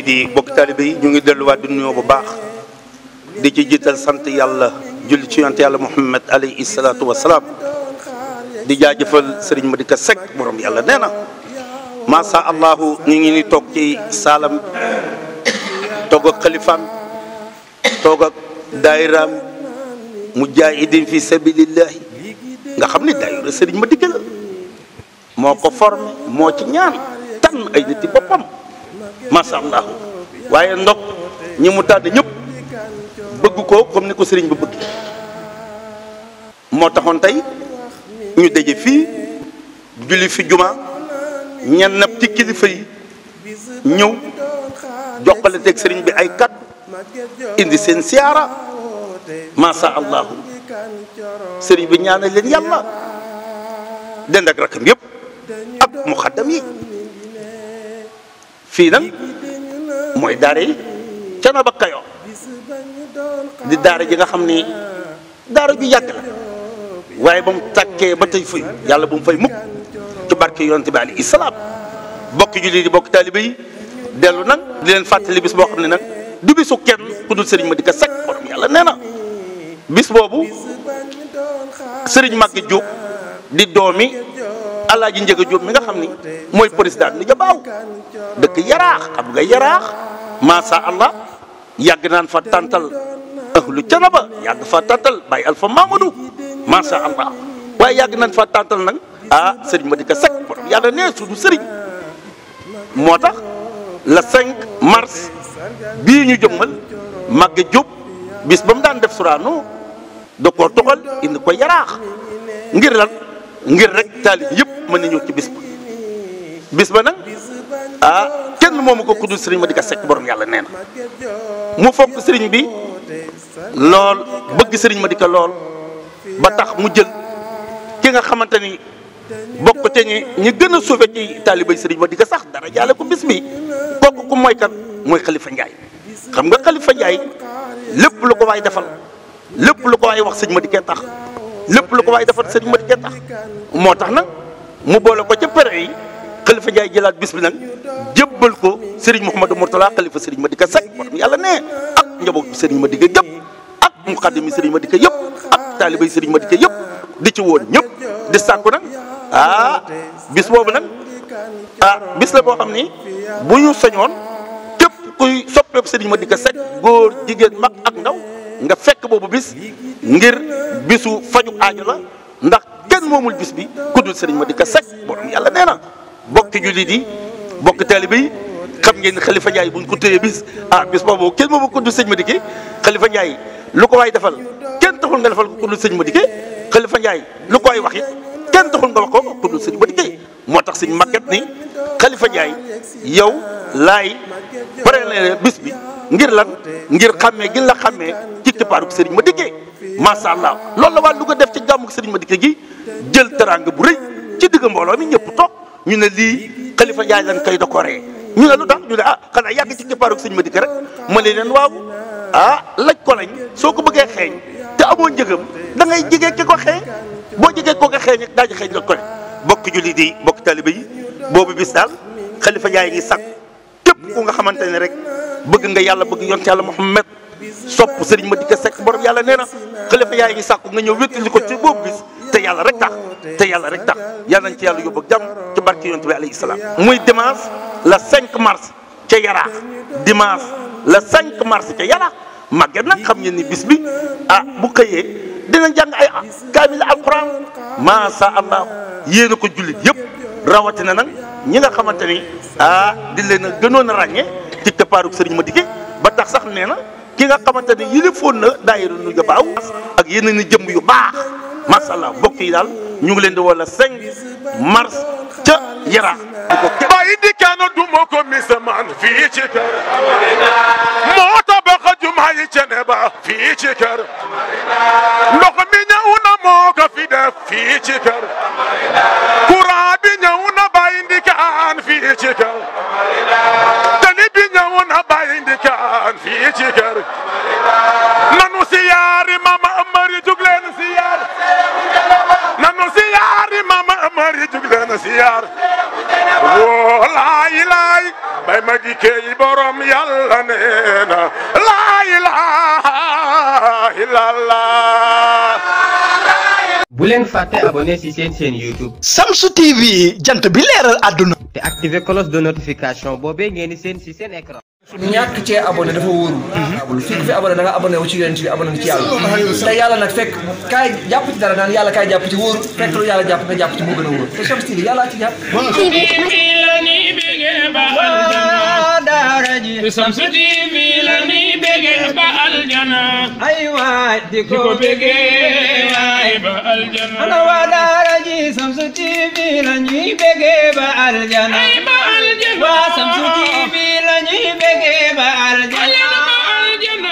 Di yi bokk taalibe ñu ngi delu di nuyoo bu baax di ci jital sant yalla julli ci yonte yalla muhammad alayhi Salatu Wassalam di jaajeufal serigne modika sek borom yalla neena ma sha allahu ñi ngi ni tok ci salam toog ak xalifaam toog ak mujahidin fi sabilillah nga xamni ne serigne modika moko form mo ci ñaan tan ay nit bopam macha allah waaye ndok ñi mu tàdd ñëpp bëgg ko comme ni ko sëriñ bi bëgg moo taxoon tey ñu daje fii julli fi juma ñenn nag ci kilifa yi ñëw jokkale teeg sëriñ bi ay kat indi seen siyaara macha allah sëriñ bi ñaanal leen yàlla dend ak rakam yëpp ak muxaddam yi. fii nag mooy daara yi ba kayo di daara ji nga xam ni daara ju yàgg la waaye ba mu tàkkee ba tey fay yàlla bu mu fay mukk ci barke yonent bi alayhi salaam bokk julli di bokk taalibe yi dellu nag di leen fàttali bis boo xam ne nag du bisu kenn ku dul sëriñ Madické Seck borom yàlla nee na bis boobu sëriñ Màgg Jóob di doomi alaaji njëga Jóob mi nga xam ni mooy président ni ja baaw dëkk yaraax xam nga yaraax maasa allah yàgg naan fa tàntal ahlu canaba yàgg fa tàntal bàyyi alfa mamadou maasa allah waaye yàgg naan fa tàntal nag ah sëriñ ma di ko sec borom yàlla nee suñu sëriñ moo tax la cinq mars bii ñu jëmmal màgge bis ba mu daan def suraano da koo toxal indi ko yaraax ngir lan ngir rek taalib yëpp mën nañu ci bis ba bis ba nag ah, kenn moomu ko kuddul sëriñ ma di ka sekk boroom yàlla nee na mu fonk sëriñ bi lool bëgg sëriñ ma di ko lool ba tax mu jël ki nga xamante ni bokk te ñi ñi gën a suufe ci taalibay sëriñ ma di ka sax dara jaale ko bis bi kooku ku mooy kan mooy xalifa njaay xam nga xalifa njaay lépp lu ko waay defal lépp lu ko waay wax sëriñ ma di ka tax lépp lu ko waaye defal sëriñ ma di ka tax moo tax nag mu boole ko ca pare yi xalifa Njaay jëlaat bis bi nag jébbal ko Serigne Mouhamadou Mourtala xalifa Serigne Madické Seck moo tax yàlla nee ak njabootu Serigne Madické gépp ak muqaddami Serigne Madické yëpp ak taalibay Serigne Madické yëpp di ci woon ñëpp di sàkku nag ah, bis boobu nag ah bis la boo xam ni bu ñu sañoon képp kuy soppeeku ma Madické Seck góor jigéen mag ak ndaw nga fekk boobu bis ngir bisu faju aajo la ndax. ken momul bis bi ku dul sëriñ Madické sax borom yàlla neena na bokki jullit yi bokki taalibe xam ngeen Khalifa Ndiaye buñ ko téye bis ah bis boobu ken moomul ku dul sëriñ Madické Khalifa Ndiaye lu ko waay defal ken taxul nga defal ko ku dul sëriñ Madické Khalifa Ndiaye lu ko waay wax it kenn taxul nga wax ko ku dul sëriñ Madické motax serigne sëriñ ni Khalifa Ndiaye yow laay pare bis bi ngir lan ngir xamé gi la xamé départ ko ma Madické macha allah lool la waa Louga def ci gàmmu ma Madické gi jël teranga bu rëy ci digg mbooloo mi ñëpp toog ñu ne lii Khalifa Ndiaye lañ koy décoré ñu ne lu tax ñu ne ah xanaa yàgg ci départ ko Serigne Madické rek ma ne leen waaw ah laj ko lañ soo ko bëggee xeeñ te amoo njëgam da ngay jege ki ko xeeñ boo jege koo ko xeeñ rek daa ji xeeñ laj ko lañ bokk jullit yi bokk taalibe yi boobu bis daal Khalifa Ndiaye ngi sàkk képp ku nga xamante ne rek bëgg nga yàlla bëgg yonte yàlla Muhammad sopp sëriñ Madické Seck borom yàlla nee na xalifa yaa ngi sàkku nga ñëw wéttali ko ci boobu bis te yàlla rek tax te yàlla rek tax yàlla nañ ci yàlla yóbbu ak ci barke yonent bi alayhi salaam mars ca yaraax dimanche le 5 mars màgget nag xam ngeen ni bis bi ah bu xëyee dina jàng ay kaamil alquran maasa allah yéen a ko jullit yëpp rawatina nag ñi nga xamante ni ah, di leen a gënoon a ràññee ci këppaarug sëriñ Madické ba tax sax nee na. ki nga xamante ne yilifoon na daayira nu jabaaw ak yeneen i jëmm yu baax macha allah yi dal ñu ngi leen di wala 5 mars ca Yara. bàyyi di kenn du ma ko misamaan fii a fii ci kër. ndox mi ñëw na moo ko fi def fii ci kër. courant bi ñëw na bàyyi di kenn fii ci kër. bi nanu siyaari mama amar yi jug leen siyaar nanu siyaari mama amar yi jug leen siyaar woo laay laay bay ma dikkee borom yàlla nee na laay lalla bu leen fàtte abonné seen seen YouTube. Samsu TV jant bi leeral àdduna. te activé cloche de notification boobee ngeen di seen si seen écran. ñàkk cee abonné dafa wóoru fi ku fi abonné da nga abonné wu ci yonent bi abonné ci yàlla te yàlla nag fekk kaay jàpp ci dara naan yàlla kaay jàpp ci wóoru fekk lu yàlla jàpp nga jàpp ci mu gën a wóor te Shamsu TV yàlla ci jàpp Shamsu TV la ni bégee ba aljana ay waay di ko bégee waay ba aljana ana waa daara ji Shamsu TV la ñuy bégee ba aljana waa Samsu TV la ñuy bëggee ba aljana